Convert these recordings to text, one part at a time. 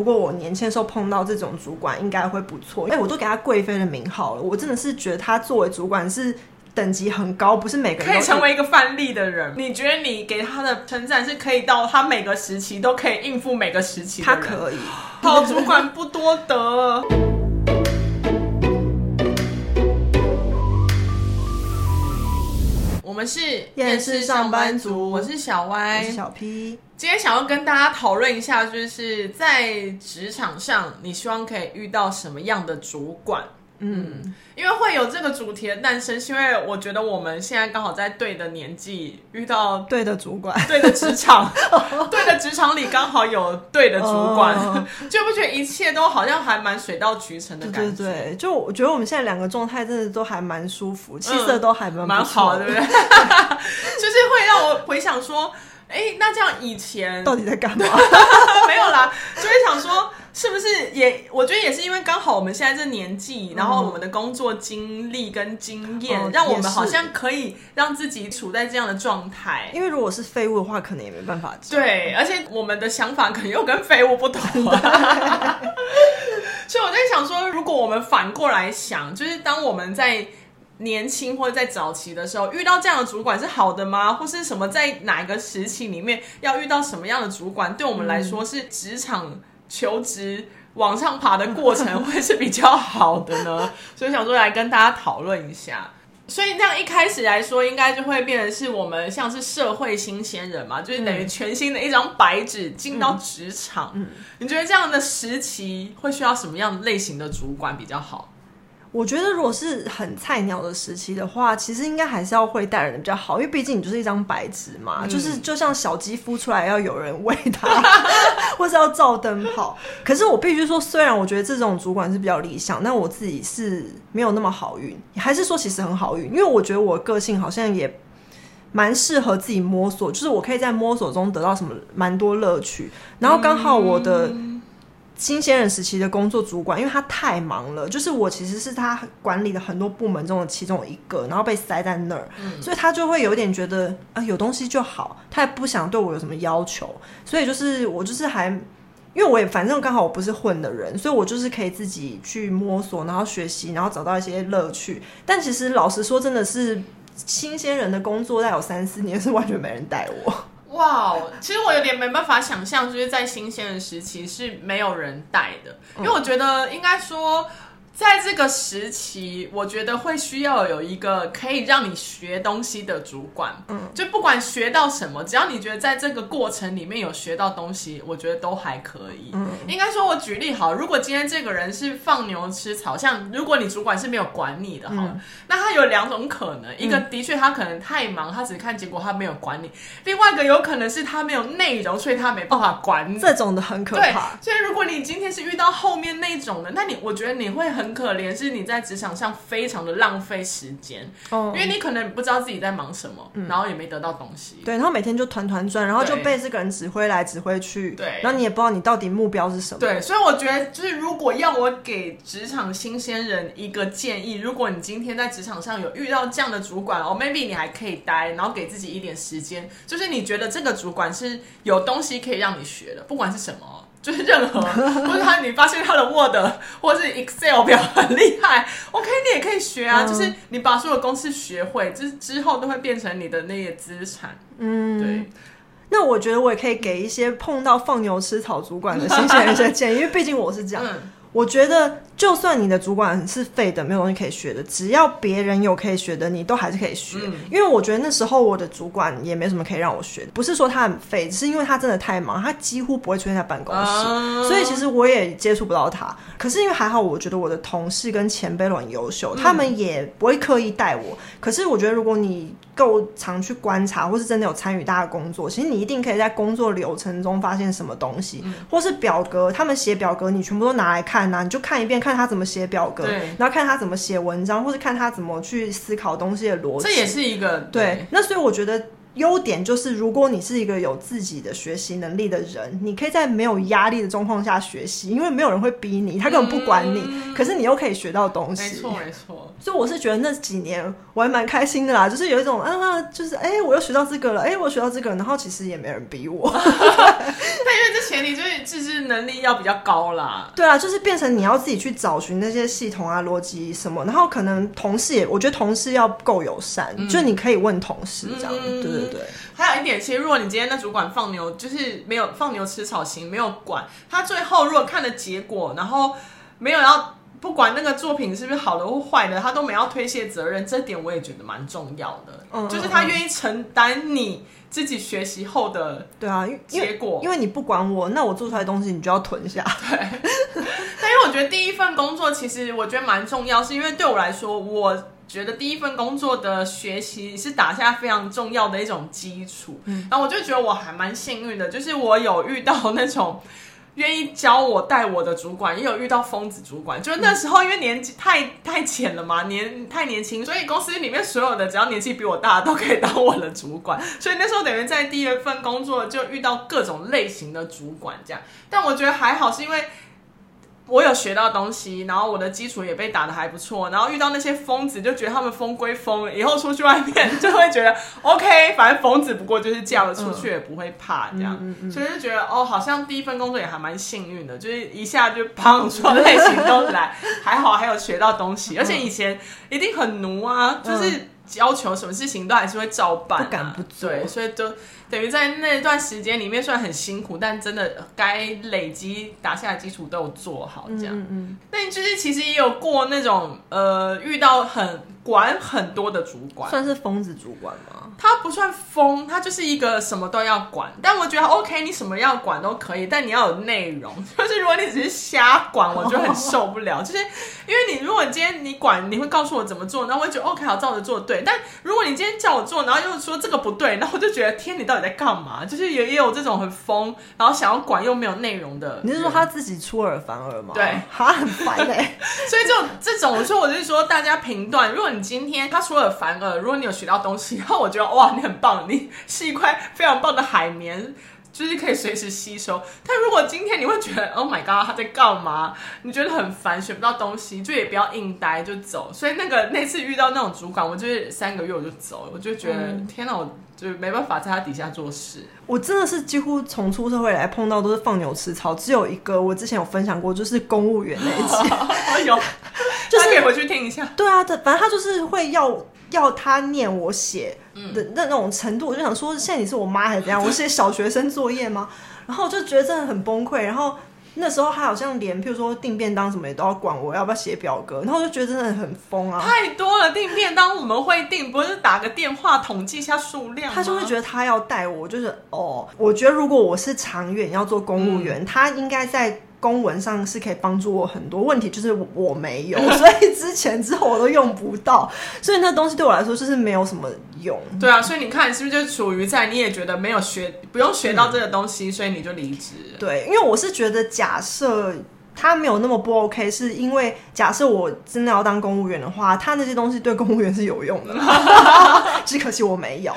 如果我年輕時候碰到這種主管，應該會不錯。哎，我都給他貴妃的名號了，我真的是覺得他作為主管是等級很高，不是每個人可以成為一個範例的人。你覺得你給他的成長是可以到他每個時期都可以應付每個時期？他可以，好主管不多得。 我們是厭世上班族，我是小歪，小 P。今天想要跟大家討論一下，就是在職場上，你希望可以遇到什麼樣的主管？嗯，因為會有這個主題的誕生，是因為我覺得我們現在剛好在對的年紀遇到對的主管，對的職場， 對的職場裡剛好有對的主管，嗯、就不覺得一切都好像還蠻水到渠成的感覺？對，對，對，就我覺得我們現在兩個狀態真的都還蠻舒服，氣色都還蠻、嗯、好，對不對？對 就是會讓我回想說，哎、欸，那這樣以前到底在幹嘛？ 沒有啦，所以想說。是不是也？我覺得也是因為剛好我們現在這年紀，嗯、然後我們的工作經歷跟經驗，嗯、讓我們好像可以讓自己處在這樣的狀態。因為如果是廢物的話，可能也沒辦法。對，而且我們的想法可能又跟廢物不同、啊。 所以我在想說，如果我們反過來想，就是當我們在年輕或者在早期的時候，遇到這樣的主管是好的嗎？或是什麼？在哪一個時期裡面要遇到什麼樣的主管，嗯、對我們來說是職場？求職往上爬的過程會是比較好的呢， 所以想說來跟大家討論一下。所以這樣一開始來說，應該就會變成是我們像是社會新鮮人嘛，就是等於全新的一張白紙進到職場。嗯，你覺得這樣的時期會需要什麼樣類型的主管比較好？我覺得如果是很菜鳥的時期的話，其實應該還是要會帶人比較好，因為畢竟你就是一張白紙嘛，嗯、就是就像小雞孵出來要有人餵它， 或是要照燈泡。可是我必須說，雖然我覺得這種主管是比較理想，但我自己是沒有那麼好運，還是說其實很好運？因為我覺得我個性好像也蠻適合自己摸索，就是我可以在摸索中得到什麼蠻多樂趣，然後剛好我的、嗯。新鮮人時期的工作主管，因為他太忙了，就是我其實是他管理的很多部門中的其中一個，然後被塞在那兒，嗯、所以他就會有點覺得啊，有東西就好，他也不想對我有什麼要求，所以就是我就是還，因為我也反正剛好我不是混的人，所以我就是可以自己去摸索，然後學習，然後找到一些樂趣。但其實老實說，真的是新鮮人的工作，大概有三四年是完全沒人帶我。哇，wow, 其實我有點沒辦法想象，就是在新鮮的時期是沒有人帶的，嗯，因為我覺得應該說。在這個時期，我覺得會需要有一個可以讓你學東西的主管。嗯，就不管學到什麼，只要你覺得在這個過程裡面有學到東西，我覺得都還可以。嗯，應該說，我舉例好，如果今天這個人是放牛吃草，像如果你主管是沒有管你的哈，嗯、那他有兩種可能：一個的確他可能太忙，他只看結果，他沒有管你；另外一個有可能是他沒有內容，所以他沒辦法管你。這種的很可怕。對，所以如果你今天是遇到後面那種的，那你我覺得你會很。很可憐，是你在職場上非常的浪費時間，哦，因為你可能不知道自己在忙什麼，嗯，然後也沒得到東西。對，然後每天就團團轉，然後就被這個人指揮來指揮去。對，然後你也不知道你到底目標是什麼。對，所以我覺得就是如果要我給職場新鮮人一個建議，如果你今天在職場上有遇到這樣的主管哦，maybe 你還可以待，然後給自己一點時間，就是你覺得這個主管是有東西可以讓你學的，不管是什麼。就是任何，不 是他你發現他的 Word 或是 Excel 表很厲害，OK，你也可以學啊。嗯、就是你把所有公式學會，之之後都會變成你的那些資產。嗯，對。那我覺得我也可以給一些碰到放牛吃草主管的新鮮人一些建議， 因為畢竟我是這樣，嗯、我覺得。就算你的主管是廢的，沒有東西可以學的，只要別人有可以學的，你都還是可以學。嗯、因為我覺得那時候我的主管也沒什麼可以讓我學的，不是說他很廢，只是因為他真的太忙，他幾乎不會出現在辦公室，啊、所以其實我也接觸不到他。可是因為還好，我覺得我的同事跟前輩都很優秀，嗯、他們也不會刻意帶我。可是我覺得，如果你夠常去觀察，或是真的有參與大家工作，其實你一定可以在工作流程中發現什麼東西，嗯、或是表格，他們寫表格，你全部都拿來看吶、啊，你就看一遍看，看他怎麼寫表格，對然後看他怎麼寫文章，或者看他怎麼去思考東西的邏輯，這也是一個對，對。那所以我覺得。優點就是，如果你是一個有自己的學習能力的人，你可以在沒有壓力的狀況下學習，因為沒有人會逼你，他根本不管你。嗯、可是你又可以學到東西，沒錯沒錯。所以我是覺得那幾年我還蠻開心的啦，就是有一種啊，就是哎、欸，我又學到這個了，哎、欸，我學到這個了，然後其實也沒人逼我。那、嗯、 因為這前提就，就是自制能力要比較高啦。對啊，就是變成你要自己去找尋那些系統啊、邏輯什麼，然後可能同事也，我覺得同事要夠友善，嗯、就你可以問同事這樣，嗯、對，對，對。還、嗯、有一點，其實如果你今天那主管放牛，就是沒有放牛吃草型，沒有管他，最後如果看了結果，然後沒有要不管那個作品是不是好的或壞的，他都沒有要推卸責任，這點我也覺得蠻重要的，嗯嗯嗯，就是他願意承擔你自己學習後的，對啊，結果，因為你不管我，那我做出來的東西你就要吞下。 對，但因為我覺得第一份工作其實我覺得蠻重要，是因為對我來說我。覺得第一份工作的學習是打下非常重要的一種基礎，嗯，然後我就覺得我還蠻幸運的，就是我有遇到那種願意教我帶我的主管，也有遇到瘋子主管。就是那時候因為年紀太太淺了嘛，年太年輕，所以公司裡面所有的只要年紀比我大都可以當我的主管。所以那時候等於在第一份工作就遇到各種類型的主管這樣，但我覺得還好，是因為。我有學到東西，然後我的基礎也被打得還不錯，然後遇到那些瘋子就覺得他們瘋歸瘋，以後出去外面就會覺得 OK，反正瘋子不過就是叫了出去也不會怕這樣，嗯嗯嗯嗯、所以就覺得哦，好像第一份工作也還蠻幸運的，就是一下就碰出類型都來， 還好還有學到東西，而且以前一定很奴啊，就是。嗯要求什麼事情都還是會照辦，啊，不敢不做，對，所以就等於在那段時間裡面，雖然很辛苦，但真的該累積打下的基礎都有做好，這樣。嗯嗯。那你最近其實也有過那種呃，遇到很。管很多的主管算是瘋子主管嗎？他不算瘋，他就是一個什麼都要管。但我覺得 OK，你什麼要管都可以，但你要有內容。就是如果你只是瞎管，我就很受不了。哦、就是因為你，如果今天你管，你會告訴我怎麼做，然後我就 OK，好照着做，對。但如果你今天叫我做，然後又說這個不對，然後我就覺得天，你到底在幹嘛？就是也也有這種很瘋，然後想要管又沒有內容的。你是說他自己出爾反爾嗎？對，他很煩嘞、欸。 所以就這種就，所以我就是說，大家評斷如果。你今天他說了凡爾，如果你有學到東西，然後我覺得哇，你很棒，你是一塊非常棒的海綿，就是可以隨時吸收。但如果今天你會覺得，Oh my god，他在幹嘛？你覺得很煩，學不到東西，就也不要硬待，就走。所以那個那次遇到那種主管，我就是三個月我就走，我就覺得、嗯、天哪，我就沒辦法在他底下做事。我真的是幾乎從出社會來碰到都是放牛吃草，只有一個我之前有分享過，就是公務員那次。有。 就是可以回去聽一下，對啊，對，反正他就是會要要他念我寫的那種程度，我就想說，現在你是我媽還是怎樣？我寫小學生作業嗎？然後我就覺得真的很崩潰。然後那時候他好像連，譬如說訂便當什麼也都要管，我要不要寫表格？然後我就覺得真的很瘋啊！太多了，訂便當我們會訂，不是打個電話統計一下數量。他就會覺得他要帶我，我，就是哦，我覺得如果我是長遠要做公務員，他應該在。公文上是可以幫助我很多問題，就是我沒有，所以之前之後我都用不到， 所以那個東西對我來說就是沒有什麼用。對啊，所以你看是不是就處於在你也覺得沒有學，不用學到這個東西，嗯、所以你就離職。對，因為我是覺得假設。他沒有那麼不 OK，是因為假設我真的要當公務員的話，他那些東西對公務員是有用的啊， 只可惜我沒有。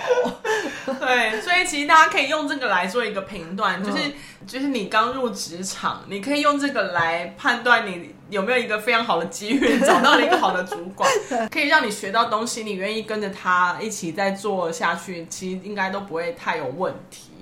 對，所以其實大家可以用這個來做一個評斷，就是就是你剛入職場，你可以用這個來判斷你有沒有一個非常好的機遇，找到了一個好的主管，可以讓你學到東西，你願意跟着他一起再做下去，其實應該都不會太有問題。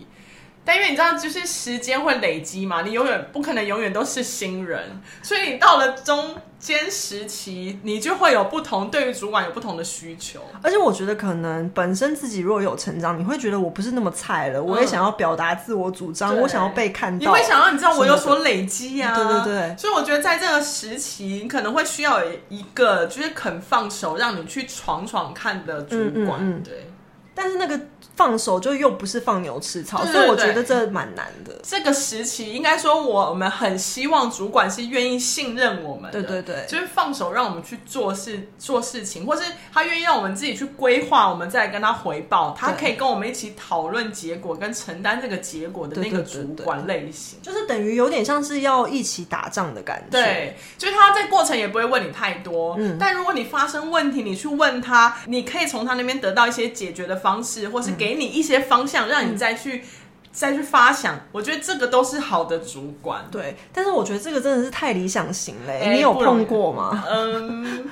但因為你知道，就是時間會累積嘛，你永遠不可能永遠都是新人，所以你到了中間時期，你就會有不同，對於主管有不同的需求。而且我覺得，可能本身自己若有成長，你會覺得我不是那麼菜了，嗯、我也想要表達自我主張，對、我想要被看到，你會想要你知道我有所累積呀、啊，對對對、對。所以我覺得在這個時期，你可能會需要一個就是肯放手讓你去闖闖看的主管，嗯嗯嗯、對。但是那個。放手就又不是放牛吃草，對對對，所以我覺得這蠻難的。這個時期應該說，我們很希望主管是願意信任我們的，對對對，就是放手讓我們去做事，做事情，或是他願意讓我們自己去規劃，我們再來跟他回報。對，他可以跟我們一起討論結果，跟承擔這個結果的那個主管類型，對對對對對，就是等於有點像是要一起打仗的感覺。對，就是他在過程也不會問你太多，嗯，但如果你發生問題，你去問他，你可以從他那邊得到一些解決的方式，或是給，嗯。給你一些方向，讓你再去、嗯、再去發想，我覺得這個都是好的主管，對。但是我覺得這個真的是太理想型了，欸欸，你有碰過嗎？嗯。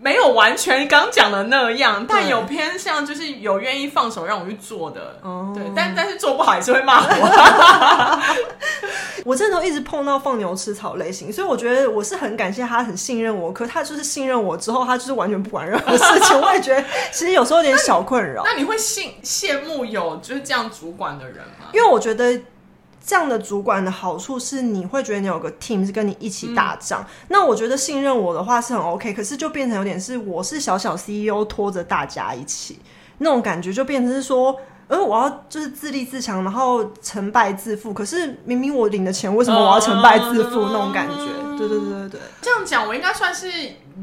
沒有完全剛，剛講的那樣，對但有偏向就是有願意放手讓我去做的，嗯、對，但但是做不好也是會罵我。 我真的都一直碰到放牛吃草類型，所以我覺得我是很感謝他很信任我，可他就是信任我之後，他就是完全不管任何事情。 我也覺得其實有時候有點小困擾。那你，那你會羨羨慕有就是這樣主管的人嗎？因為我覺得。這樣的主管的好處是，你會覺得你有個 team 是跟你一起打仗。嗯、那我覺得信任我的話是很 OK，可是就變成有點是我是小小 CEO 拖着大家一起，那種感覺就變成是說，而、呃、我要就是自立自強，然後成敗自負。可是明明我領的錢，為什麼我要成敗自負？嗯、那種感覺，對對對對對。這樣講，我應該算是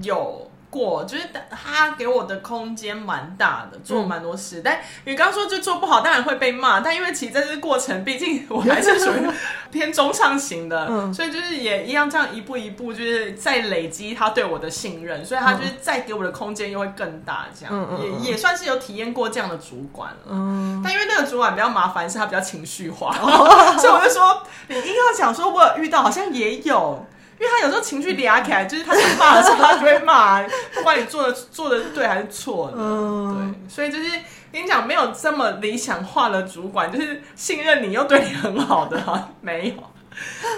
有。過就是他給我的空間蠻大的，做蠻多事。嗯、但你剛剛說就做不好，當然會被罵。但因為其實這個過程，畢竟我還是屬於偏中上型的，嗯、所以就是也一樣這樣一步一步，就是在累積他對我的信任。所以他就是再給我的空間又會更大，這樣、嗯嗯嗯、也也算是有體驗過這樣的主管了。嗯、但因為那個主管比較麻煩，是他比較情緒化，哦、 所以我就說，你一定要講說，我有遇到好像也有，因為他有時候情緒嗲起來，就是他想罵的時候，他就會罵。 不管你做的做的對還是錯，嗯，對，所以就是跟你講，沒有這麼理想化的主管，就是信任你又對你很好的，啊，沒有。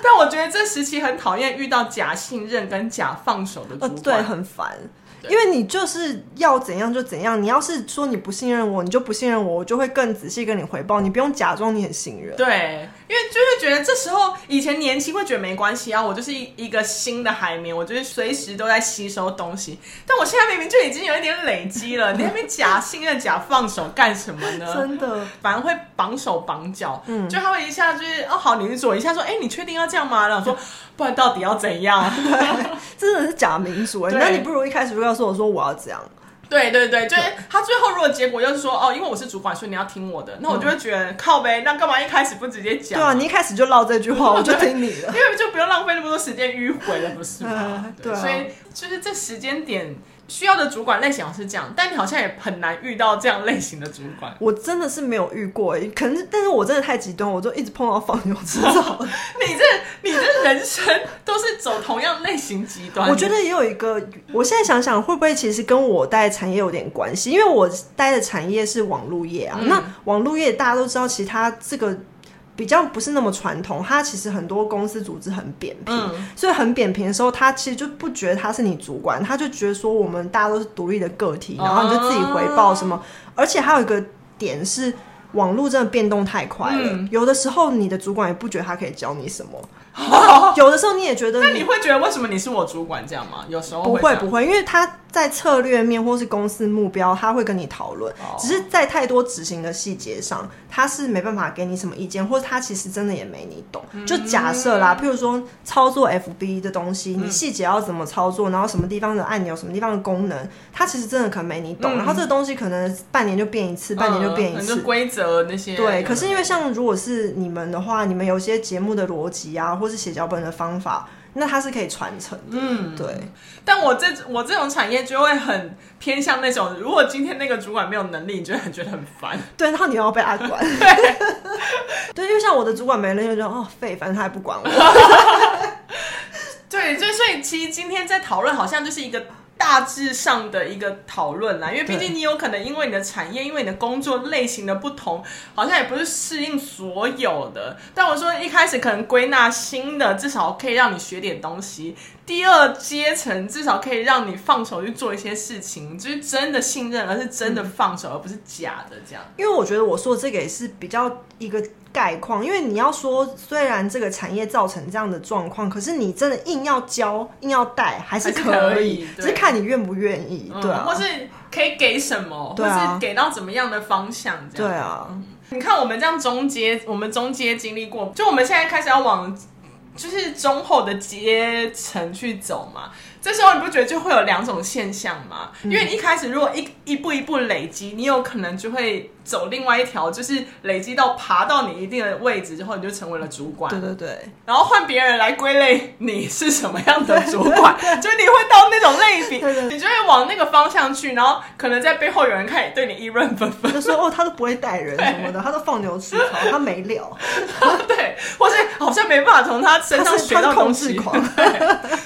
但我覺得這時期很討厭遇到假信任跟假放手的主管，嗯、對，很煩。對因為你就是要怎樣就怎樣，你要是說你不信任我，你就不信任我，我就會更仔細跟你回報，你不用假裝你很信任。對。因為就會覺得這時候以前年輕會覺得沒關係啊，我就是一一個新的海綿，我就是隨時都在吸收東西。但我現在明明就已經有一點累積了，你還沒假信任、假放手幹什麼呢？真的，反而會綁手綁腳。嗯，就他會一下就是哦，好，你去做一下說，哎、欸，你確定要這樣嗎？然後說，不然到底要怎樣？ 真的是假民主、欸。對那你不如一開始就告訴我說，我要這樣。對對對，就是他最後如果結果就是說，哦，因為我是主管，所以你要聽我的，那我就會覺得、嗯、靠北，那幹嘛一開始不直接講、啊？對啊，你一開始就嘮這句話， 我就聽你的，因為就不用浪費那麼多時間迂回了，不是嗎？呃對，啊、對，所以就是這時間點。需要的主管類型好像是這樣，但你好像也很難遇到這樣類型的主管。我真的是沒有遇過、欸，可能，但是我真的太極端，我就一直碰到放牛吃草。 你這，你這人生都是走同樣類型極端。我覺得也有一個，我現在想想，會不會其實跟我待產業有點關係？因為我待的產業是網絡業啊，嗯、那網絡業大家都知道，其實它這個。比較不是那麼傳統，他其實很多公司組織很扁平，嗯、所以很扁平的時候，他其實就不覺得他是你主管，他就覺得說我們大家都是獨立的個體，然後你就自己回報什麼。啊、而且還有一個點是，網路真的變動太快了，嗯、有的時候你的主管也不覺得他可以教你什麼。Oh! 有的時候你也覺得，那你會覺得為什麼你是我主管這樣嗎？有時候不會不會，因為他在策略面或是公司目標，他會跟你討論。只是在太多執行的細節上，他是沒辦法給你什麼意見，或者他其實真的也沒你懂。就假設啦，譬如說操作 FB 的東西，你細節要怎麼操作，然後什麼地方的按鈕，什麼地方的功能，他其實真的可能沒你懂。然後這個東西可能半年就變一次，半年就變一次規則那些。對，可是因為像如果是你們的話，你們有些節目的邏輯啊，或是寫腳本的方法，那它是可以傳承的，嗯，對。但我這我這種產業就會很偏向那種，如果今天那個主管沒有能力，你就會覺得很煩。對，然後你又要被他管。對， 對，就像我的主管沒了，就覺得哦廢，反正他也不管我。 對，所以所以其實今天在討論，好像就是一個。大致上的一個討論啦，因為畢竟你有可能因為你的產業，因為你的工作類型的不同，好像也不是適應所有的。但我說一開始可能歸納新的，至少可以讓你學點東西。第二階層至少可以讓你放手去做一些事情，就是真的信任，而是真的放手，而不是假的這樣。因為我覺得我說的這個也是比較一個。概況，因為你要說，雖然這個產業造成這樣的狀況，可是你真的硬要教，硬要帶，還是可以，還是可以，只是看你願不願意，嗯、對、啊，或是可以給什麼，啊、或是給到怎麼樣的方向，這樣對啊。嗯、你看，我們這樣中階，我們中階經歷過，就我們現在開始要往就是中後的階層去走嘛。這時候你不覺得就會有兩種現象嗎？因為你一開始如果一一步一步累積，你有可能就會走另外一條，就是累積到爬到你一定的位置之後，你就成為了主管。對對對。然後換別人來歸類你是什麼樣的主管，就是你會到那種類型，你就會往那個方向去。然後可能在背後有人開始對你議論紛紛，就說哦，他都不會帶人什麼的，他都放牛吃草，他沒料。對，或是好像沒辦法從他身上學到東西。控制狂，對，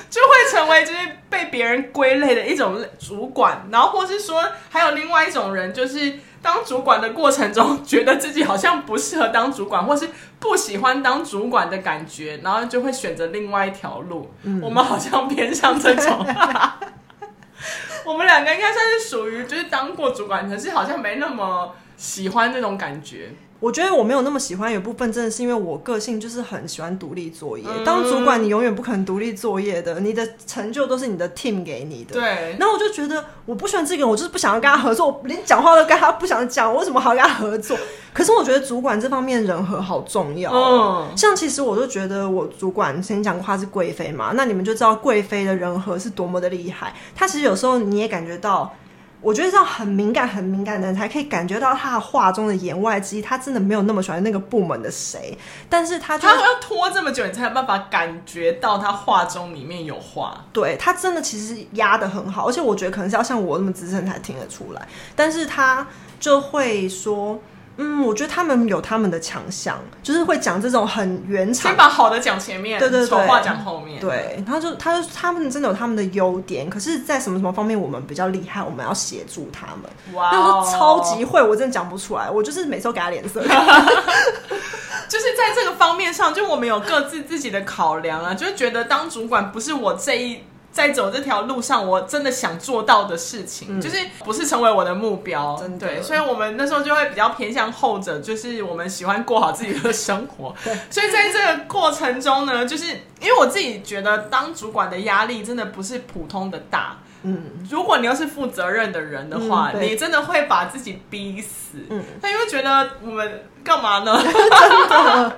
就會成為就是。被別人歸類的一種主管，然後或是說還有另外一種人，就是當主管的過程中，覺得自己好像不適合當主管，或是不喜歡當主管的感覺，然後就會選擇另外一條路。嗯、我們好像偏向這種， 我們兩個應該算是屬於就是當過主管，可是好像沒那麼喜歡這種感覺。我覺得我沒有那麼喜歡有一部分，真的是因為我個性就是很喜歡獨立作業。嗯、當主管，你永遠不可能獨立作業的，你的成就都是你的 team 給你的。對。然後我就覺得我不喜歡這個人，我就是不想要跟他合作，我連講話都跟他不想講，我為什麼還要跟他合作？ 可是我覺得主管這方面人和好重要，啊。嗯。像其實我就覺得我主管先講過他是貴妃嘛，那你們就知道貴妃的人和是多麼的厲害。他其實有時候你也感覺到。嗯我覺得這樣很敏感，很敏感的人才可以感覺到他的話中的言外之意。他真的沒有那麼喜歡那個部門的誰，但是他就他要拖這麼久，你才有辦法感覺到他話中裡面有話。對他真的其實壓得很好，而且我覺得可能是要像我那麼資深才聽得出來。但是他就會說。嗯，我覺得他們有他們的強項，就是會講這種很圓場。先把好的講前面，對對對，醜話講後面。對，然後就他就他，就他們真的有他們的優點，可是在什麼什麼方面我們比較厲害，我們要協助他們。哇，Wow. 超級會，我真的講不出來，我就是每次都給他臉色。 就是在這個方面上，就我們有各自自己的考量啊，就是覺得當主管不是我這一。在走這條路上，我真的想做到的事情，嗯、就是不是成為我的目標，的對。所以，我們那時候就會比較偏向後者，就是我們喜歡過好自己的生活。對所以，在這個過程中呢，就是因為我自己覺得當主管的壓力真的不是普通的大。嗯、如果你要是負責任的人的話，嗯、你真的會把自己逼死。他那因為覺得我們幹嘛呢？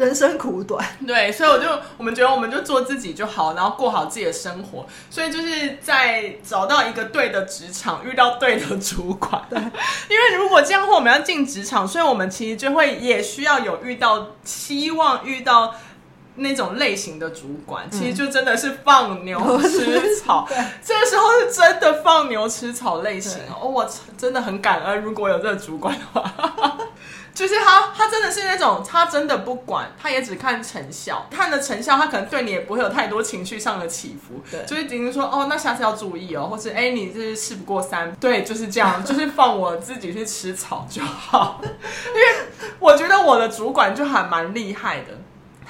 人生苦短，對，所以我就我們覺得我們就做自己就好，然後過好自己的生活。所以就是在找到一個對的職場，遇到對的主管。對，因為如果這樣的話，我們要進職場，所以我們其實就會也需要有遇到希望遇到那種類型的主管。其實就真的是放牛吃草，嗯、這個時候是真的放牛吃草類型。哦對，Oh, 我真的很感恩，如果有這個主管的話。就是他，他真的是那種，他真的不管，他也只看成效，看了成效，他可能對你也不會有太多情緒上的起伏。對，所以等於說，哦，那下次要注意哦，或是，哎、欸，你這是事不過三，對，就是這樣， 就是放我自己去吃草就好，因為我覺得我的主管就還蠻厲害的。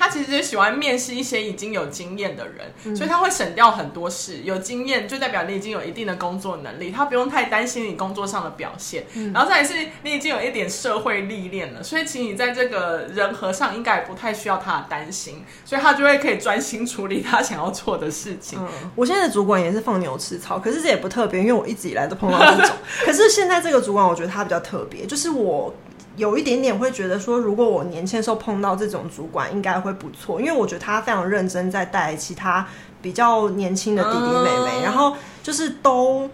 他其實喜歡面試一些已經有經驗的人，嗯、所以他會省掉很多事。有經驗就代表你已經有一定的工作能力，他不用太擔心你工作上的表現。嗯、然後再來是你已經有一點社會歷練了，所以請你在這個人和上應該也不太需要他的擔心，所以他就會可以專心處理他想要做的事情。嗯、我現在的主管也是放牛吃草，可是這也不特別，因為我一直以來都碰到這種。 可是現在這個主管，我覺得他比較特別，就是我。有一點點會覺得說，如果我年輕的時候碰到這種主管，應該會不錯，因為我覺得他非常認真在帶其他比較年輕的弟弟妹妹，然後就是都。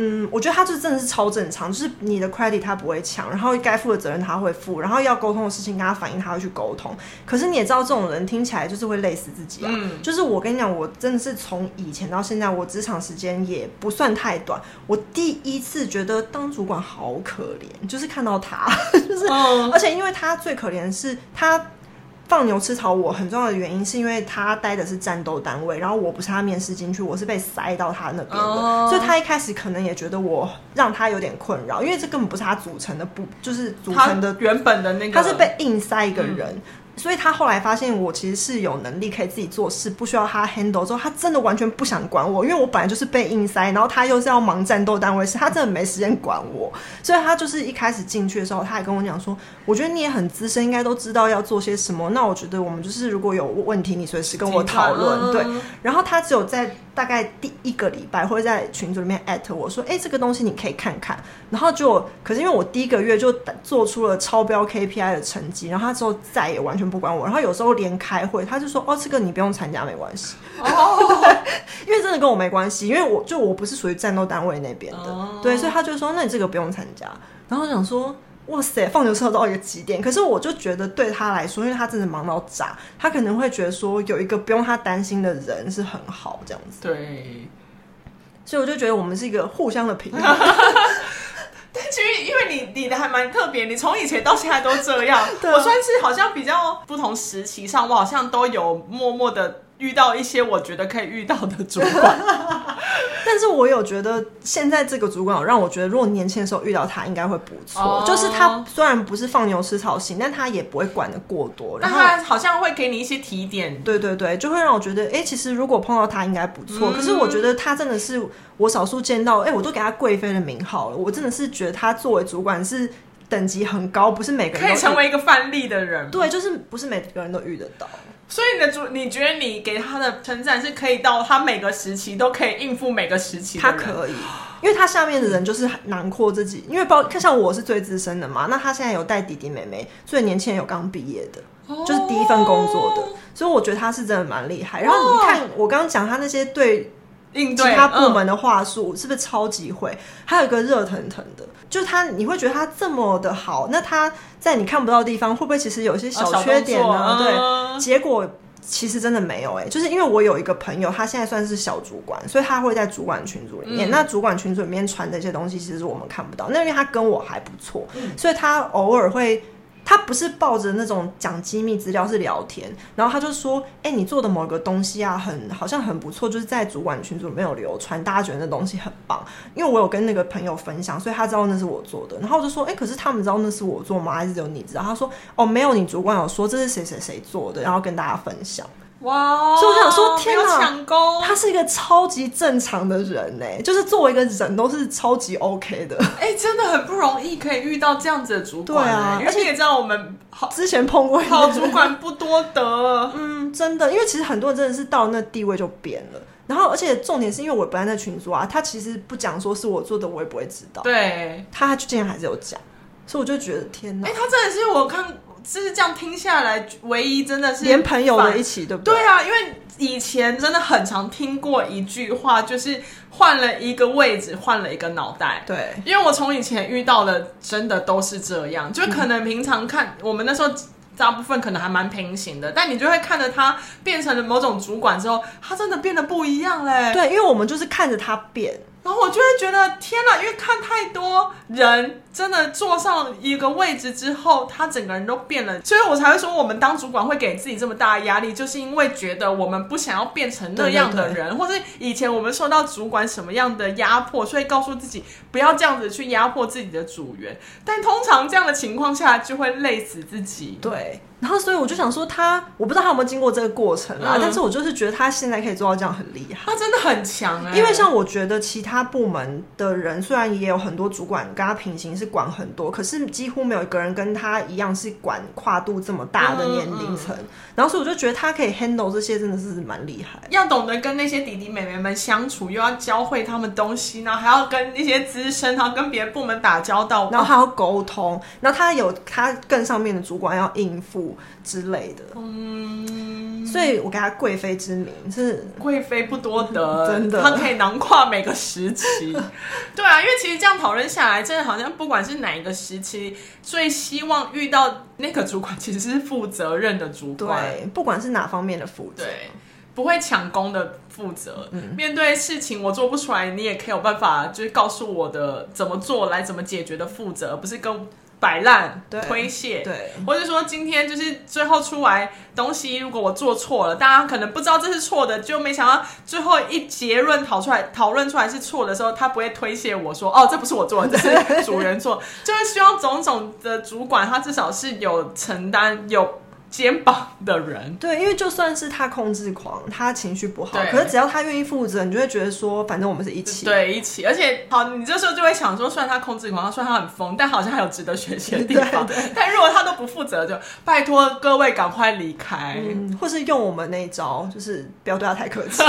嗯，我覺得他這真的是超正常，就是你的 credit 他不會搶，然後該負的責任他會負，然後要溝通的事情跟他反映，他會去溝通。可是你也知道，這種人聽起來就是會累死自己啊。嗯、就是我跟你講，我真的是從以前到現在，我職場時間也不算太短，我第一次覺得當主管好可憐，就是看到他，就是，哦、而且因為他最可憐的是他。放牛吃草，我很重要的原因是因為他待的是戰鬥單位，然後我不是他面試進去，我是被塞到他那邊的，Oh. 所以他一開始可能也覺得我讓他有點困擾，因為這根本不是他組成的，部，就是組成的原本的那個，他是被硬塞一個人。嗯所以他後來發現我其實是有能力可以自己做事，不需要他 handle 之後，他真的完全不想管我，因為我本來就是被硬塞，然後他又是要忙戰鬥單位事，是他真的沒時間管我。所以他就是一開始進去的時候，他還跟我講說：“我覺得你也很資深，應該都知道要做些什麼。那我覺得我們就是如果有問題，你隨時跟我討論。”對，然後他只有在。大概第一個禮拜會在群組裡面 at 我說，哎、欸，這個東西你可以看看，然後就，可是因為我第一個月就做出了超標 KPI 的成績，然後他之後再也完全不管我，然後有時候連開會，他就說，哦，這個你不用參加，沒關係，哦，oh. 因為真的跟我沒關係，因為我就我不是屬於戰鬥單位那邊的，oh. 對，所以他就說，那你這個不用參加，然後我想說。哇塞，放牛吃草到一個極點。可是我就覺得對他來說，因為他真的忙到炸，他可能會覺得說有一個不用他擔心的人是很好這樣子。對。所以我就覺得我們是一個互相的平衡但 其實因為你你的還蠻特別，你從以前到現在都這樣。對我算是好像比較不同時期上，我好像都有默默的。遇到一些我覺得可以遇到的主管， 但是我有覺得現在這個主管讓我覺得，如果年輕的時候遇到他應該會不錯。哦。就是他雖然不是放牛吃草型，但他也不會管得過多。那他好像會給你一些提點。對對對，就會讓我覺得，哎，其實如果碰到他應該不錯。嗯、可是我覺得他真的是我少數見到，哎，我都給他貴妃的名號了。我真的是覺得他作為主管是等級很高，不是每個人都可以成為一個範例的人。對，就是不是每個人都遇得到。所以你的主，你覺得你給他的成長是可以到他每個時期都可以應付每個時期的？他可以，因為他下面的人就是囊括自己，因為包括看像我是最資深的嘛。那他現在有帶弟弟妹妹，所以年輕人有剛畢業的，就是第一份工作的。所以我覺得他是真的蠻厲害。然後你看，我剛剛講他那些對。對其他部門的話術是不是超級會？嗯、還有一個熱騰騰的，就是他，你會覺得他這麼的好，那他在你看不到的地方，會不會其實有一些小缺點呢？啊啊、對，結果其實真的沒有哎、欸，就是因為我有一個朋友，他現在算是小主管，所以他會在主管群組裡面。嗯、那主管群組裡面傳的一些東西，其實我們看不到，那因為他跟我還不錯，所以他偶爾會。他不是抱着那種講機密資料是聊天，然後他就說：“哎、欸，你做的某個東西啊，很好像很不錯，就是在主管群組沒有流傳，大家覺得那東西很棒。因為我有跟那個朋友分享，所以他知道那是我做的。然後我就說：哎、欸，可是他們知道那是我做嗎？還是只有你知道？他說：哦，沒有，你主管有說這是誰誰誰做的，然後跟大家分享。”哇！Wow, 所以我想說天，天吶，他是一個超級正常的人呢、欸，就是作為一個人都是超級 OK 的。哎、欸，真的很不容易可以遇到這樣子的主管，欸，啊、嗯，而且也知道我們好之前碰過那個。好主管不多得， 嗯，真的，因為其實很多人真的是到了那地位就變了。然後，而且重點是因為我本來那群組，啊，他其實不講說是我做的，我也不會知道。對，他竟然還是有講，所以我就覺得天吶。哎、欸，他真的是因為我看。就是這樣聽下來，唯一真的是連朋友一起，對不對？對啊，因為以前真的很常聽過一句話，就是換了一個位置，換了一個腦袋。對，因為我從以前遇到的，真的都是這樣。就可能平常看我們那時候大部分可能還蠻平行的，但你就會看着他變成了某種主管之後，他真的變得不一樣嘞。對，因為我們就是看着他變。我就會覺得天哪，因為看太多人真的坐上一個位置之後，他整個人都變了，所以我才會說我們當主管會給自己這麼大的壓力，就是因為覺得我們不想要變成那樣的人，對對對。或是以前我們受到主管什麼樣的壓迫，所以告訴自己不要這樣子去壓迫自己的組員，但通常這樣的情況下就會累死自己。對。然後，所以我就想說，他我不知道他有沒有經過這個過程啊。但是我就是覺得他現在可以做到這樣，很厲害。他真的很強哎。因為像我覺得其他部門的人，雖然也有很多主管跟他平行是管很多，可是幾乎沒有一個人跟他一樣是管跨度這麼大的年齡層。然後，所以我就覺得他可以 handle 這些，真的是蠻厲害。要懂得跟那些弟弟妹妹們相處，又要教會他們東西，然後還要跟那些資深，然後跟別的部門打交道，然後還要溝通，然後他有他更上面的主管要應付。之類的，嗯，所以我給他貴妃之名是貴妃不多得，嗯、真的，他可以囊括每個時期。 對啊，因為其實這樣討論下來，真的好像不管是哪一個時期，最希望遇到那個主管其實是負責任的主管。對，不管是哪方面的負責，不會搶功的負責。嗯，面對事情我做不出來，你也可以有辦法，就是告訴我的怎麼做來怎麼解決的負責，不是跟。擺爛、對推卸，對或者說今天就是最後出來東西，如果我做錯了，大家可能不知道這是錯的，就沒想到最後一結論討出來、討論出來是錯的時候，他不會推卸我說，哦，這不是我做的，這是主任做， 就是希望種種的主管他至少是有承擔有，肩膀的人對，因為就算是他控制狂，他情緒不好，對，可是只要他願意負責，你就會覺得說，反正我們是一起，對，一起。而且，好，你這時候就會想說，雖然他控制狂，雖然他很瘋，但好像還有值得學習的地方。對，對但如果他都不負責，就拜托各位趕快離開。嗯，或是用我們那一招，就是不要對他太客氣。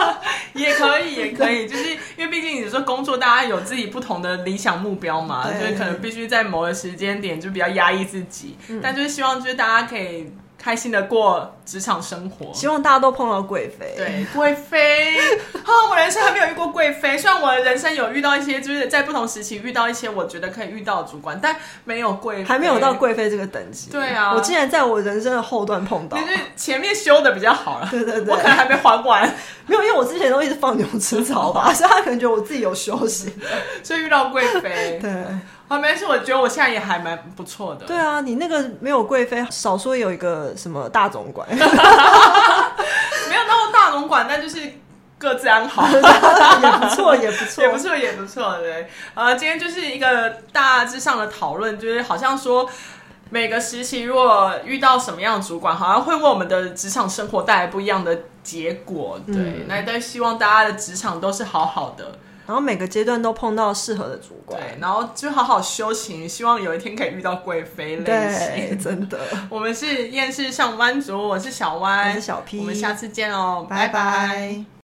也可也可以，也可以，就是因為畢竟你說工作，大家有自己不同的理想目標嘛，所以對可能必須在某個時間點就比較壓抑自己，嗯，但就是希望就是大家可以。開心的過職場生活，希望大家都碰到貴妃。對，貴妃哈， 哦，我人生還沒有遇過貴妃。雖然我的人生有遇到一些，就是在不同時期遇到一些我覺得可以遇到的主管，但沒有貴，還沒有到貴妃這個等級。對啊，我竟然在我人生的後段碰到，就是前面修的比較好了。對對對，我可能還沒還完，沒有，因為我之前都一直放牛吃草吧， 所以他可能覺得我自己有休息， 所以遇到貴妃。對。好沒事，我覺得我現在也還蠻不錯的。對啊，你那個沒有貴妃，少說有一個什麼大總管。 沒有那麼大總管，那就是各自安好。 也不錯，也不錯，也不錯，也不錯。對，呃，今天就是一個大致上的討論，就是好像說每個時期如果遇到什麼樣的主管，好像會為我們的職場生活帶來不一樣的結果。對，嗯、那但希望大家的職場都是好好的。然後每個階段都碰到適合的主管，對，然後就好好修行，希望有一天可以遇到貴妃類型，真的。 我們是厭世上班族，我是小歪，我是小 P，我們下次見哦，拜拜 bye。Bye bye